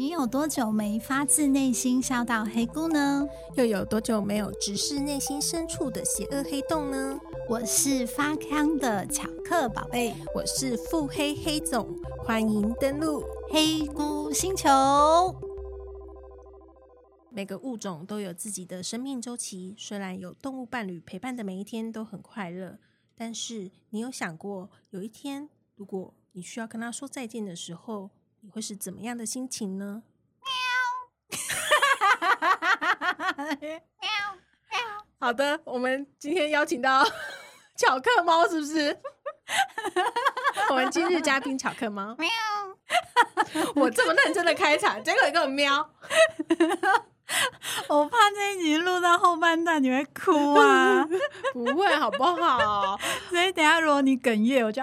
你有多久沒發自內心笑到黑菇呢？又有多久沒有直視內心深處的邪惡黑洞呢？我是發腔的巧克寶貝，欸，我是腹黑黑總，歡迎登錄黑菇星球。每個物種都有自己的生命週期，雖然有動物伴侶陪伴的每一天都很快樂，但是你有想過，有一天如果你需要跟它說再見的時候？你會是怎麼樣的心情呢喵？ 喵？喵！好的，我們今天邀請到巧克力貓，是不是？ 我們今日嘉賓巧克力貓。喵！我這麼認真的開場， 結果你給我喵！ 我怕這一集錄到後半段你會哭啊！嗯、不會好不好？ 所以等下如果你哽咽，我就。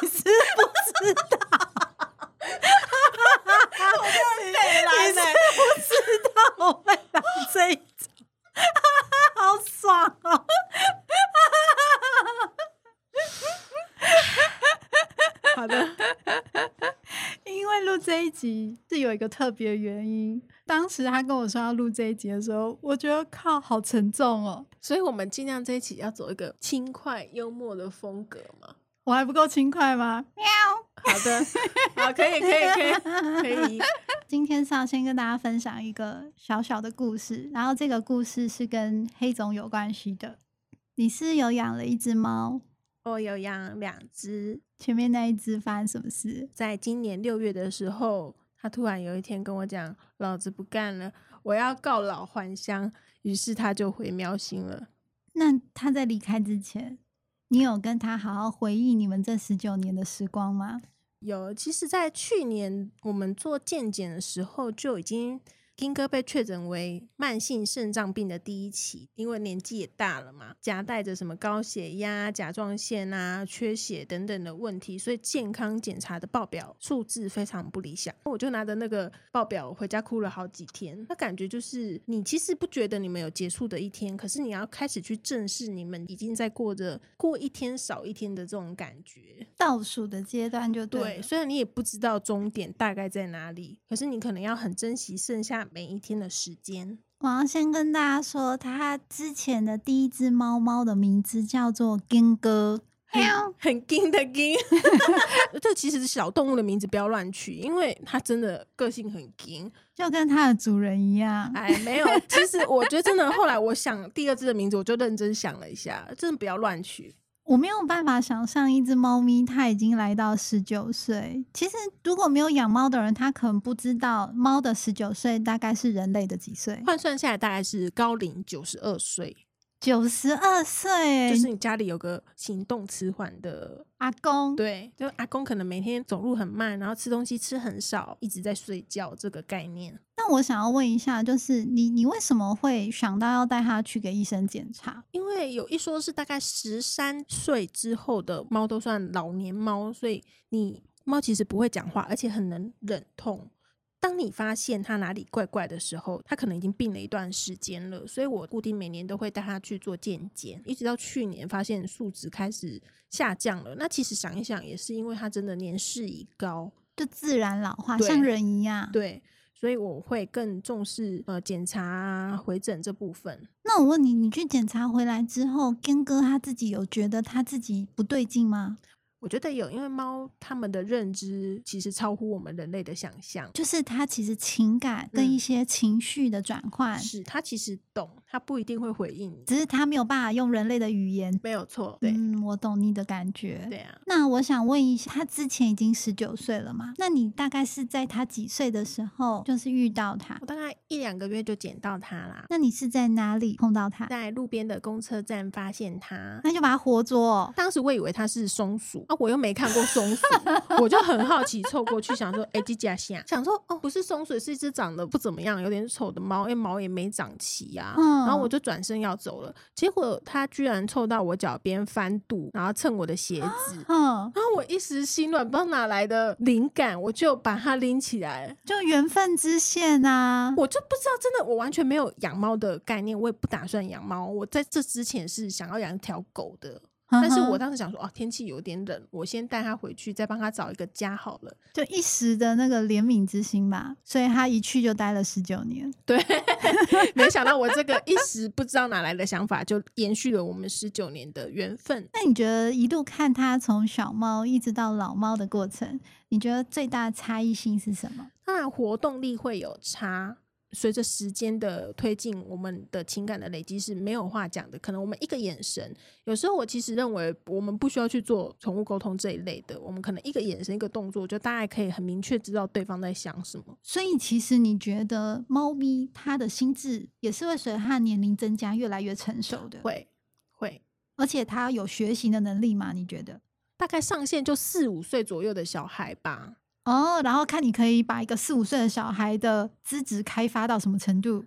特別原因，當時他跟我說要錄這一集的時候，我覺得靠，好沉重哦、喔。所以，我們盡量這一期要走一個輕快幽默的風格嘛。我還不夠輕快嗎？喵。好的， 好，可以，可以，可以，可以。 今天上先跟大家分享一個小小的故事，然後這個故事是跟黑菇有關係的。你是有養了一隻貓，我有養兩隻。前面那一隻發生什麼事？在今年六月的時候。他突然有一天跟我講：“老子不幹了，我要告老還鄉。”於是他就回喵星了。那他在離開之前，你有跟他好好回憶你們這十九年的時光嗎？有，其實，在去年我們做健檢的時候就已經。金哥被確診為慢性腎臟病的第一期，因為年紀也大了嘛，夾帶着什麼高血壓、甲狀腺啊、缺血等等的問題，所以健康檢查的報表數字非常不理想。我就拿着那個報表回家哭了好幾天。那感覺就是，你其實不覺得你們有結束的一天，可是你要開始去正視你們已經在過着過一天少一天的這種感覺，倒數的階段就對。雖然你也不知道終點大概在哪裡，可是你可能要很珍惜剩下每一天的時間，我要先跟大家說，它之前的第一隻貓貓的名字叫做金哥，哎呀，嗯、很金的金。 這其實是小動物的名字，不要亂取，因為它真的個性很金，就跟它的主人一樣。哎，沒有，其實我覺得真的，後來我想第二隻的名字， 我就認真想了一下，真的不要亂取。我沒有辦法想象一只貓咪，它已經來到十九歲。其實，如果沒有養貓的人，他可能不知道貓的十九歲大概是人類的幾歲。換算下來，大概是高齡九十二歲。九十二歲，就是你家裡有個行動遲緩的阿公，對，就阿公可能每天走路很慢，然後吃東西吃很少，一直在睡覺這個概念。那我想要問一下，就是你你為什麼會想到要帶它去給醫生檢查？因為有一說是大概十三歲之後的貓都算老年貓，所以你貓其實不會講話，而且很能忍痛。當你發現他哪裡怪怪的時候，他可能已經病了一段時間了，所以我固定每年都會帶他去做健檢，一直到去年發現數值開始下降了。那其實想一想，也是因為他真的年事已高，就自然老化，像人一樣。對，所以我會更重視呃檢查、啊、回診這部分。那我問你，你去檢查回來之後，根哥他自己有覺得他自己不對勁嗎？我覺得有，因為貓它們的認知其實超乎我們人類的想象就是它其實情感跟一些情緒的轉換，嗯、是它其實懂，它不一定會回應你，只是它沒有辦法用人類的語言。沒有錯，對、嗯，我懂你的感覺。對啊，那我想問一下，它之前已經十九歲了嘛？那你大概是在它幾歲的時候就是遇到它？我大概一兩個月就撿到它啦。那你是在哪裡碰到它？在路邊的公車站發現它，那就把它活捉、哦。當時我以為它是松鼠。啊、我又沒看過松鼠， 我就很好奇湊過去想說，哎、 欸，這叫蝦？想說，哦，不是松鼠，是一隻長得不怎麼樣，有點醜的貓，因為毛也沒長齊呀、啊嗯。然後我就轉身要走了，結果它居然湊到我腳邊翻肚，然後蹭我的鞋子。嗯、然後我一時心軟，不知道哪來的靈感，我就把它拎起來，就緣分之線吶、啊。我就不知道，真的我完全沒有養貓的概念，我也不打算養貓。我在這之前是想要養一條狗的。但是我當時想說，哦，天氣有點冷，我先帶他回去，再幫他找一個家好了，就一時的那個憐憫之心吧。所以他一去就待了十九年。對，沒想到我這個一時不知道哪來的想法， 就延續了我們十九年的緣分。那你覺得一度看他從小貓一直到老貓的過程，你覺得最大的差異性是什麼？當然，活動力會有差。隨着時間的推進，我們的情感的累積是沒有話講的。可能我們一個眼神，有時候我其實認為我們不需要去做寵物溝通這一類的。我們可能一個眼神、一個動作，就大概可以很明確知道對方在想什麼。所以，其實你覺得貓咪它的心智也是會隨着它年齡增加越來越成熟的。會會，而且它有學習的能力嗎？你覺得大概上限就四五歲左右的小孩吧。哦，然後看你可以把一個四五歲的小孩的資質開發到什麼程度？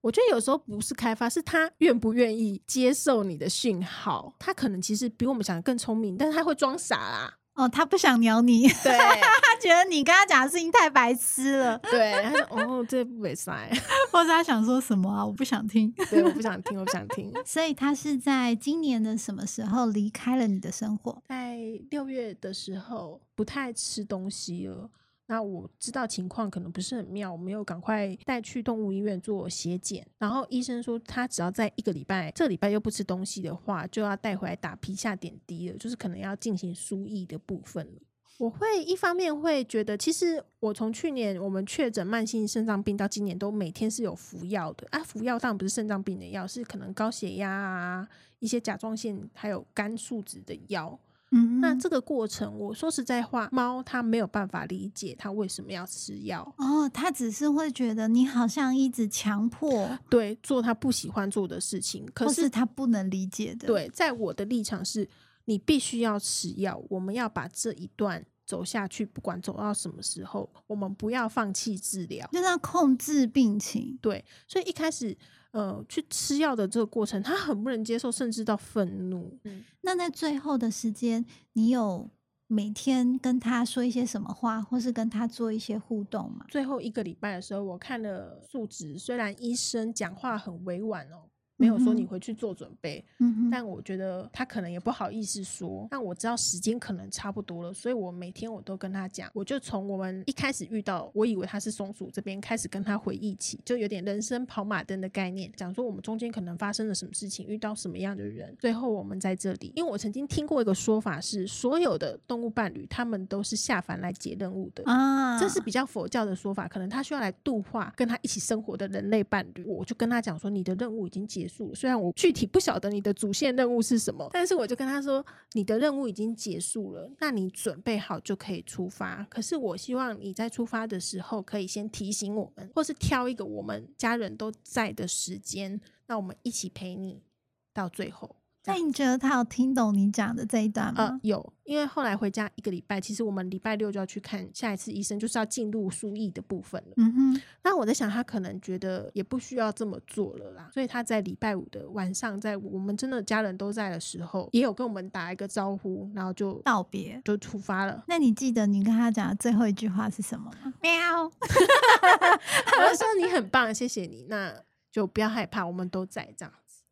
我覺得有時候不是開發，是他願不願意接受你的訊號。他可能其實比我們想的更聰明，但是他會裝傻啦、啊。哦，他不想鳥你，他 覺得你跟他講的事情太白痴了。對，他 哦，這不美善， 或者他想說什麼啊？我不想聽，對，我不想聽，我不想聽。 所以他是在今年的什麼時候離開了你的生活？在六月的時候，不太吃東西了。那我知道情況可能不是很妙，我沒有趕快帶去動物醫院做血檢，然後醫生說他只要在一個禮拜，這個禮拜又不吃東西的話，就要帶回來打皮下點滴了，就是可能要進行輸液的部分了。我會一方面會覺得，其實我從去年我們確診慢性腎臟病到今年都每天是有服藥的啊，服藥當然不是腎臟病的藥，是可能高血壓啊、一些甲狀腺還有肝數值的藥。嗯，嗯，那這個過程，我說實在話，貓它沒有辦法理解它為什麼要吃藥哦，它只是會覺得你好像一直強迫，對，做它不喜歡做的事情，可是它不能理解的。對，在我的立場是，你必須要吃藥，我們要把這一段。走下去，不管走到什麼時候，我們不要放棄治療，就是要控制病情。對，所以一開始，呃，去吃藥的這個過程，他很不能接受，甚至到憤怒。嗯，那在最後的時間，你有每天跟他說一些什麼話，或是跟他做一些互動嗎？最後一個禮拜的時候，我看了數值，雖然醫生講話很委婉哦、喔。沒有說你回去做準備，但我覺得他可能也不好意思說。但我知道時間可能差不多了，所以我每天我都跟他講，我就從我們一開始遇到，我以為他是松鼠這邊開始跟他回憶起，就有點人生跑馬燈的概念，講說我們中間可能發生了什麼事情，遇到什麼樣的人，最後我們在這裡。因為我曾經聽過一個說法是，所有的動物伴侶他們都是下凡來解任務的，這是比較佛教的說法，可能他需要來度化跟他一起生活的人類伴侶。我就跟他講說，你的任務已經解。雖然我具體不曉得你的主線任務是什麼，但是我就跟他說，你的任務已經結束了，那你準備好就可以出發。可是我希望你在出發的時候可以先提醒我們，或是挑一個我們家人都在的時間，那我們一起陪你到最後。那你覺得他有聽懂你講的這一段嗎？呃，有，因為後來回家一個禮拜，其實我們禮拜六就要去看下一次醫生，就是要進入輸液的部分了。嗯哼。那我在想，他可能覺得也不需要這麼做了啦，所以他在禮拜五的晚上，在我們真的家人都在的時候，也有跟我們打一個招呼，然後就道別，就出發了。那你記得你跟他講的最後一句話是什麼嗎？喵。我 說你很棒，謝謝你。那就不要害怕，我們都在這樣。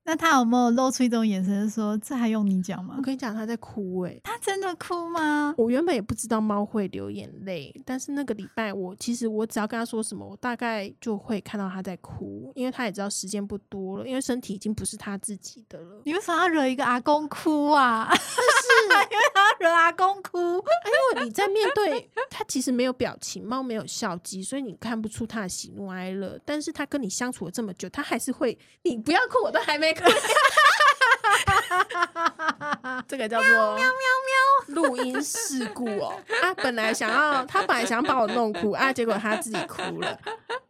那他有沒有露出一種眼神，說“這還用你講嗎？”我跟你講，他在哭。欸，哎，他真的哭嗎？我原本也不知道貓會流眼淚，但是那個禮拜我，我其實我只要跟他說什麼，我大概就會看到他在哭，因為他也知道時間不多了，因為身體已經不是他自己的了。你為什麼要惹一個阿公哭啊？是， 因為要惹阿公哭。因、哎、為你在面對他，其實沒有表情，貓沒有笑肌，所以你看不出他的喜怒哀樂。但是他跟你相處了這麼久，他還是會……你不要哭，我都還沒。哈 哈 這個叫做喵喵喵錄音事故哦。他本來想要，他本來想把我弄哭啊，結果他自己哭了。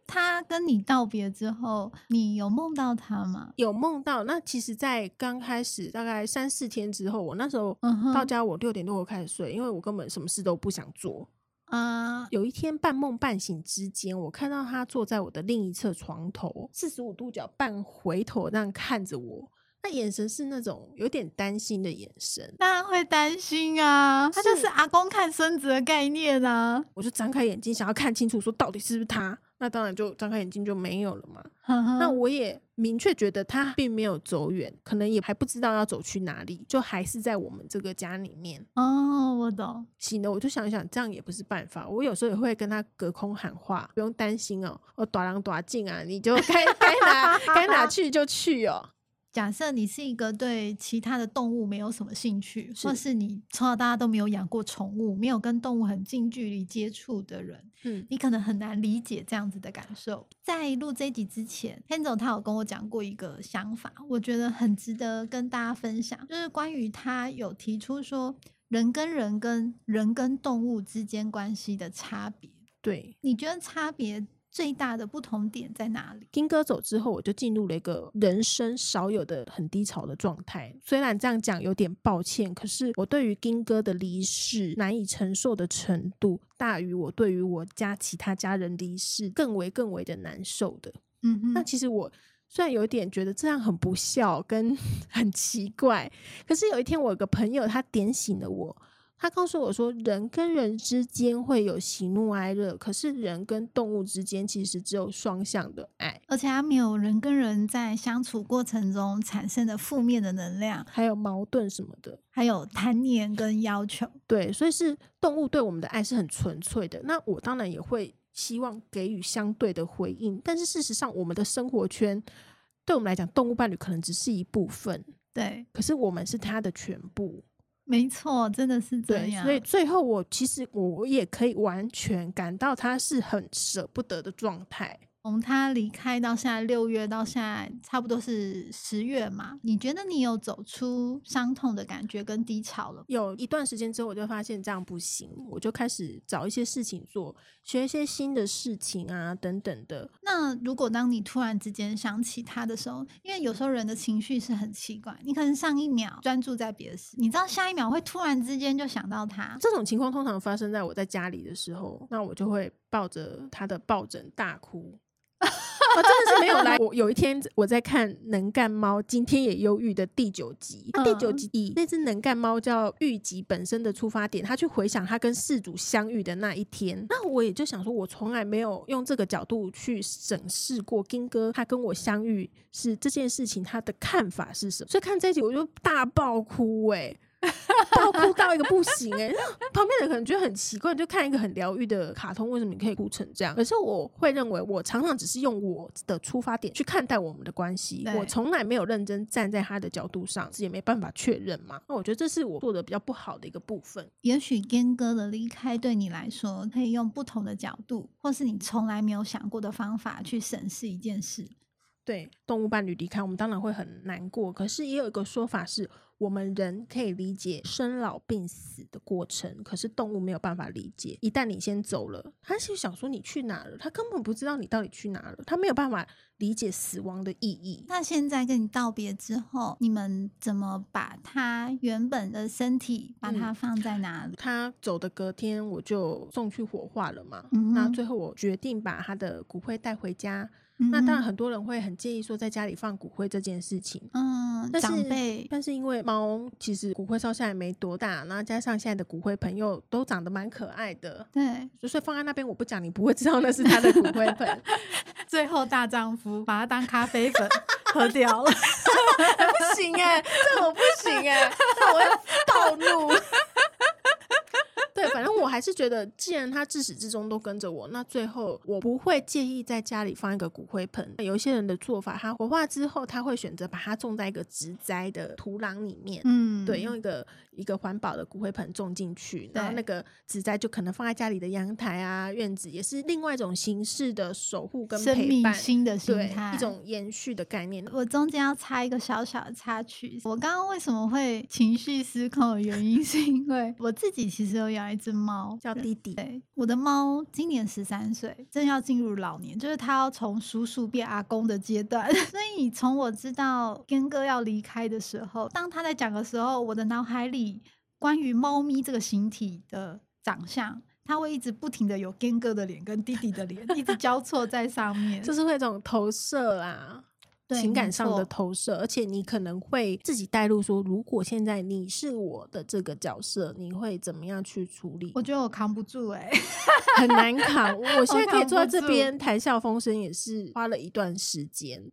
他跟你道別之後，你有夢到他嗎？有夢到。那其實，在剛開始大概三四天之後，我那時候到家，我六點多我開始睡，uh -huh. 因為我根本什麼事都不想做。啊、uh，有一天半夢半醒之間，我看到他坐在我的另一側床頭，四十五度角半回頭那樣看着我，那眼神是那種有點擔心的眼神。當然會擔心啊，他就是阿公看孫子的概念啊。我就張開眼睛想要看清楚，說到底是不是他。那當然就張開眼睛就沒有了嘛。呵呵，那我也明確覺得他並沒有走遠，可能也還不知道要走去哪裡，就還是在我們這個家裡面。哦，我懂。醒了我就想想，這樣也不是辦法。我有時候也會跟他隔空喊話，不用擔心哦。我打狼打盡啊，你就該該哪該哪去就去哦。假設你是一個對其他的動物沒有什麼興趣，是或是你從小到大都沒有養過寵物，沒有跟動物很近距離接觸的人，嗯，你可能很難理解這樣子的感受。在錄這一集之前，潘總他有跟我講過一個想法，我覺得很值得跟大家分享，就是關於他有提出說人跟人跟人跟動物之間關係的差別。對，你覺得差別？最大的不同點在哪裡？丁哥走之後，我就進入了一個人生少有的很低潮的狀態。雖然這樣講有點抱歉，可是我對於丁哥的離世難以承受的程度，大於我對於我家其他家人離世更為更為的難受的。嗯嗯。那其實我雖然有點覺得這樣很不孝，跟 很奇怪，可是有一天我有個朋友他點醒了我。他告訴我說，人跟人之間會有喜怒哀樂，可是人跟動物之間其實只有雙向的愛，而且它沒有人跟人在相處過程中產生的負面的能量，還有矛盾什麼的，還有貪念跟要求。對，所以是動物對我們的愛是很純粹的。那我當然也會希望給予相對的回應，但是事實上，我們的生活圈對我們來講，動物伴侶可能只是一部分，對，可是我們是它的全部。沒錯，真的是這樣。對，所以最後我其實我也可以完全感到他是很捨不得的狀態。從他離開到現在，六月到現在差不多是十月嘛？你覺得你有走出傷痛的感覺跟低潮了嗎？有一段時間之後，我就發現這樣不行，我就開始找一些事情做，學一些新的事情啊，等等的。那如果當你突然之間想起他的時候，因為有時候人的情緒是很奇怪，你可能上一秒專注在別的事，你知道下一秒會突然之間就想到他。這種情況通常發生在我在家裡的時候，那我就會抱着他的抱枕大哭。Oh, 真的是沒有來。 我有一天我在看《能幹貓今天也憂鬱》的第九集，啊，第九集裡那隻能幹貓叫諭吉本身，的出發點，他去回想他跟飼主相遇的那一天。那我也就想說，我從來沒有用這個角度去審視過金哥，他跟我相遇是這件事情，他的看法是什麼。所以看這一集我就大爆哭哎、欸。到 哭到一個不行哎、欸， 旁邊人可能覺得很奇怪，就看一個很療癒的卡通，為什麼你可以哭成這樣？可是我會認為，我常常只是用我的出發點去看待我們的關係，我從來沒有認真站在他的角度上，自己也沒辦法確認嘛。那我覺得這是我做的比較不好的一個部分。也許堅哥的離開對你來說，可以用不同的角度，或是你從來沒有想過的方法去審視一件事。對，動物伴侶離開，我們當然會很難過，可是也有一個說法是。我們人可以理解生老病死的過程，可是動物沒有辦法理解。一旦你先走了，它其實想說你去哪了，它根本不知道你到底去哪了，它沒有辦法理解死亡的意義。那現在跟你道別之後，你們怎麼把它原本的身體把它放在哪裡？嗯，他走的隔天我就送去火化了嘛。嗯，那最後我決定把他的骨灰帶回家。那當然，很多人會很建議說，在家裡放骨灰這件事情。嗯，但是長輩，但是因為貓其實骨灰燒下來沒多大，然後加上現在的骨灰盆又都長得蠻可愛的，對，就所以放在那邊我不講，你不會知道那是它的骨灰盆。 最後大丈夫把它當咖啡粉 喝掉了。 不行哎、啊，這我不行哎、啊，這我要暴怒。我還是覺得，既然他自始至終都跟着我，那最後我不會介意在家裡放一個骨灰盆。有一些人的做法，他火化之後，他會選擇把它種在一個植栽的土壤裡面。嗯，對，用一個一個環保的骨灰盆種進去，然後那個植栽就可能放在家裡的陽台啊、院子，也是另外一種形式的守護跟陪伴。生命新的形態。對，一種延續的概念。我中間要插一個小小的插曲，我剛剛為什麼會情緒失控？原因是因為我自己其實有養一隻貓。叫弟弟。對，我的貓今年十三歲，正要進入老年，就是它要從叔叔變阿公的階段。 所以從我知道堅哥要離開的時候，當他在講的時候，我的腦海裡關於貓咪這個形體的長相，它會一直不停的有堅哥的臉跟弟弟的臉 一直交錯在上面， 就是會這種投射啦、啊。情感上的投射，而且你可能會自己帶入說，如果現在你是我的這個角色，你會怎麼樣去處理？我覺得我扛不住哎、欸， 很難扛。我現在可以坐在這邊談笑風生，也是花了一段時間。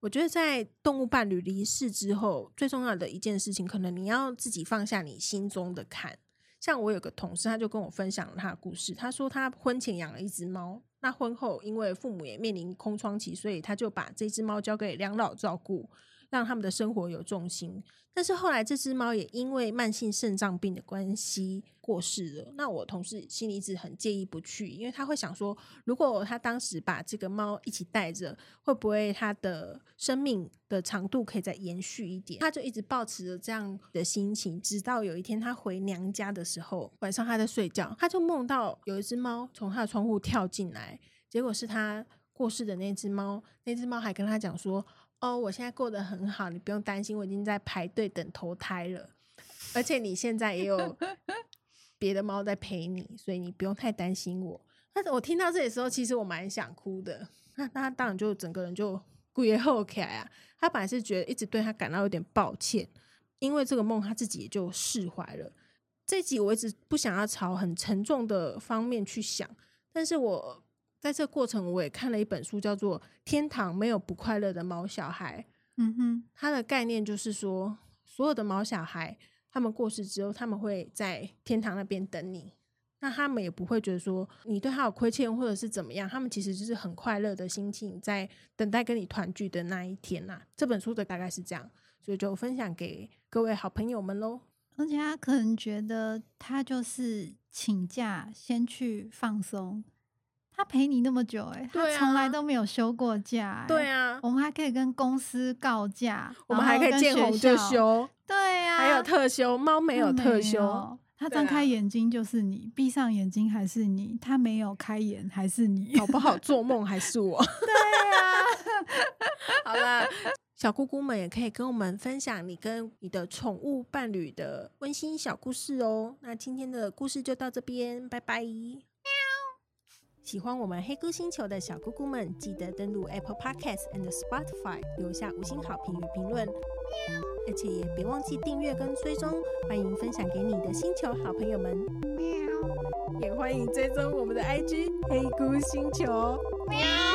我覺得在動物伴侶離世之後，最重要的一件事情，可能你要自己放下你心中的坎。像我有個同事，他就跟我分享了他的故事，他說他婚前養了一隻貓。那婚後，因為父母也面臨空窗期，所以他就把這只貓交給兩老照顧。讓他們的生活有重心，但是後來這隻貓也因為慢性腎臟病的關係過世了。那我同事心裡一直很介意不去，因為他會想說，如果他當時把這個貓一起帶着，會不會他的生命的長度可以再延續一點？他就一直抱持着這樣的心情，直到有一天他回娘家的時候，晚上他在睡覺，他就夢到有一隻貓從他的窗戶跳進來，結果是他過世的那隻貓，那隻貓還跟他講說，哦、oh，我現在過得很好，你不用擔心，我已經在排隊等投胎了。而且你現在也有別的貓在陪你，所以你不用太擔心我。但是我聽到這裡的時候，其實我蠻想哭的。那他當然就整個人就歸後開啊。他本來是覺得一直對他感到有點抱歉，因為這個夢他自己也就釋懷了。這集我一直不想要朝很沉重的方面去想，但是我。在這個過程，我也看了一本書，叫做《天堂沒有不快樂的毛小孩》。嗯哼，它的概念就是說，所有的毛小孩，他們過世之後，他們會在天堂那邊等你。那他們也不會覺得說你對他有虧欠，或者是怎麼樣，他們其實就是很快樂的心情，在等待跟你團聚的那一天吶、啊。這本書的大概是這樣，所以就分享給各位好朋友們嘍。而且他可能覺得，他就是請假先去放鬆。他陪你那麼久、欸，哎，他從來都沒有休過假、欸。對啊，我們還可以跟公司告假，啊、我們還可以見紅就休。對呀、啊，還有特休，貓沒有特休。他睜開眼睛就是你，閉、啊、上眼睛還是你，他沒有開眼還是你，好不好做夢還是我？ 對呀、啊。對啊、 好了，小姑姑們也可以跟我們分享你跟你的寵物伴侶的溫馨小故事哦、喔。那今天的故事就到這邊，拜拜。喜歡我們黑菇星球的小菇菇們，記得登錄 Apple Podcast and Spotify，留下五星好評與評論喵，而且也別忘記訂閱跟追蹤，歡迎分享給你的星球好朋友們，喵。也歡迎追蹤我們的 IG 黑菇星球。喵。